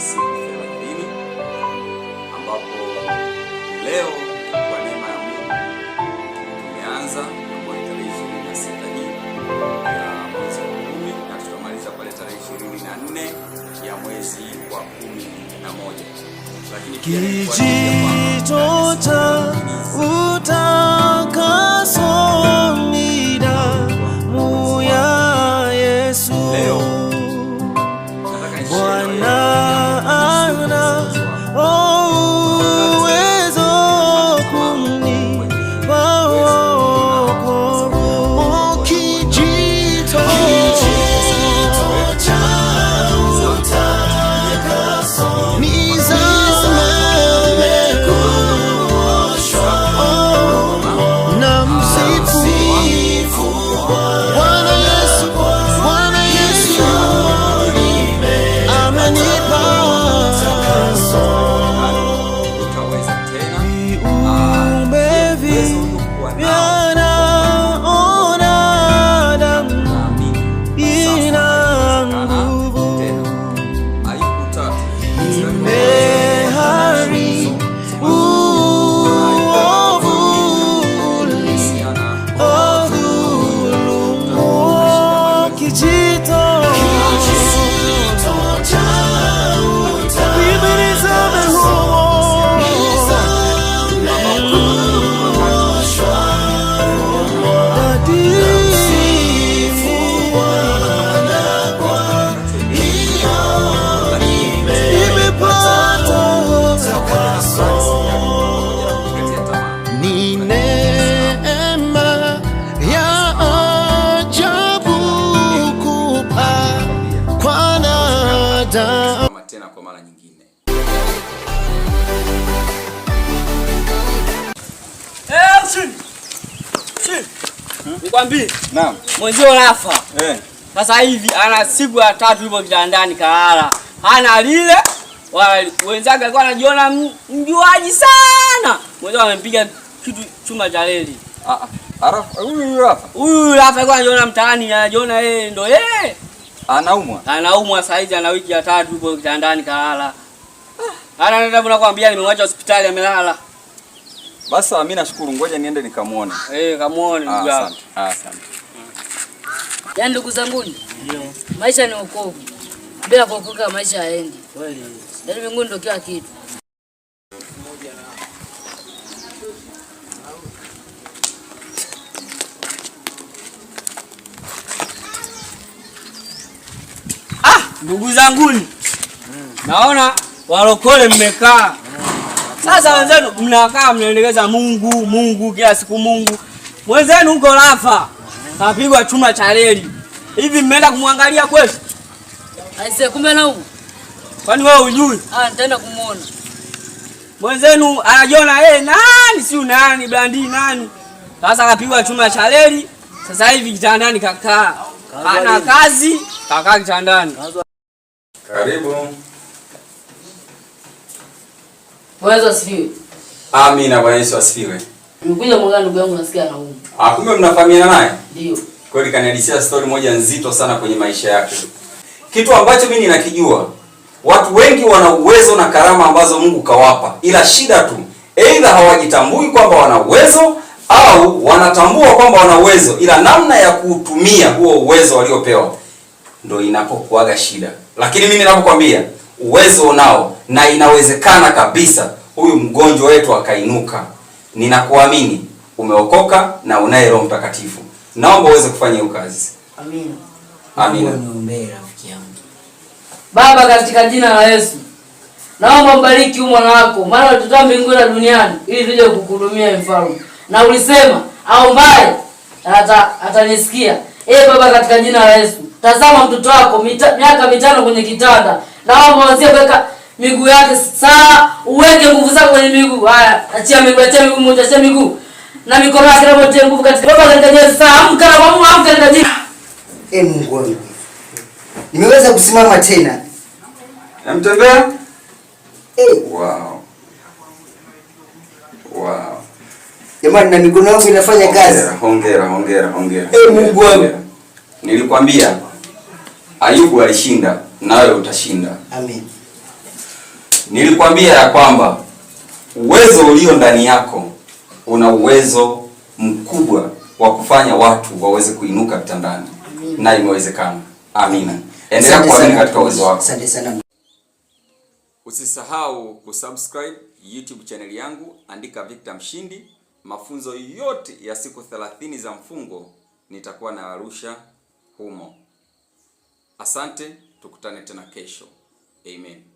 thelathini ambapo leo kwa neema ya Mungu tumeanza ambayo tarehe ishirini na sita hii ya mwezi wa kumi na tutamaliza pale tarehe ishirini na nne ya mwezi wa kumi na moja lakini Tunasimama tena kwa mara nyingine. Eh, Nikwambie. Naam. Mwenzio Rafa. Eh. Sasa hivi ana siku ya tatu yupo kitandani kalala. Hana lile wenzake alikuwa anajiona mjuaji sana. Mwenzio amempiga kitu chuma cha leli. Ah ah. huyu Rafa. Huyu Rafa alikuwa anajiona mtaani, anajiona yeye ndo yeye. Anaumwa. Anaumwa saizi ana wiki ya tatu yupo kitandani kalala. Ana nenda nakwambia nimemwacha hospitali amelala. Basi mimi nashukuru ngoja niende nikamuone. Eh, kamuone ndugu ah, yangu. Asante. Ah, asante. Yaani ndugu zangu Ndio. Maisha ni wokovu. Bila kuokoka maisha haendi. Kweli. Yaani Mungu ndio kila kitu. ndugu zanguni, naona walokole mmekaa sasa, wenzenu mnakaa mnaendeleza Mungu Mungu kila siku Mungu. Wenzenu huko Rafa kapigwa chuma cha reli hivi, mmeenda kumwangalia kwetu? Aise, kumbe na huko. Kwani wewe ujui Ah, nitaenda kumuona mwenzenu anajiona yeye eh, nani, si nani, blandi nani. Sasa kapigwa chuma cha reli, sasa hivi kitandani kakaa, ana kazi kakaa kitandani. Karibu. Bwana asifiwe. Amina, ah, Bwana Yesu asifiwe. Nimekuja mwangalia ndugu yangu nasikia anaumwa. Ah, kumbe mnafahamiana naye? Ndio. Kweli kanihadithia story moja nzito sana kwenye maisha yake. Kitu ambacho mimi ninakijua, watu wengi wana uwezo na karama ambazo Mungu kawapa, ila shida tu aidha hawajitambui kwamba wana uwezo au wanatambua kwamba wana uwezo, ila namna ya kuutumia huo uwezo waliopewa ndio inapokuaga shida lakini mimi ninakwambia uwezo unao na inawezekana kabisa huyu mgonjwa wetu akainuka, ninakuamini umeokoka na unaye Roho Mtakatifu. Naomba uweze kufanya hiyo kazi. Amina. Amina. Baba, katika jina la Yesu naomba mbariki huyu mwana wako, maana ulitoka mbinguni na duniani ili tuje kukuhudumia mfalme, na ulisema aombaye atanisikia ata Ee Baba, katika jina la Yesu, tazama mtoto wako mita, miaka mitano kwenye kitanda, naomba mwanzie kuweka miguu yake sawa, uweke nguvu zako kwenye miguu. Haya, achia miguu, achia miguu moja, achia miguu na mikono yake, na mtie nguvu katika Baba, katika jina la Yesu. Amka na mamu, amka katika jina. Ee Mungu wangu, nimeweza kusimama tena, namtembea. Hey. Ee. Wow. Wow. Jamani, na mikono yangu inafanya kazi. Hongera, hongera, hongera. Eh, Mungu wangu. Nilikwambia Ayubu alishinda, nawe utashinda. Amen. Nilikwambia ya kwamba uwezo ulio ndani yako una uwezo mkubwa wa kufanya watu waweze kuinuka vitandani, na imewezekana. Amina. Endelea kuamini katika uwezo wako. Asante sana. Usisahau kusubscribe YouTube channel yangu, andika Victor Mshindi mafunzo yote ya siku 30 za mfungo nitakuwa na Arusha humo. Asante, tukutane tena kesho. Amen.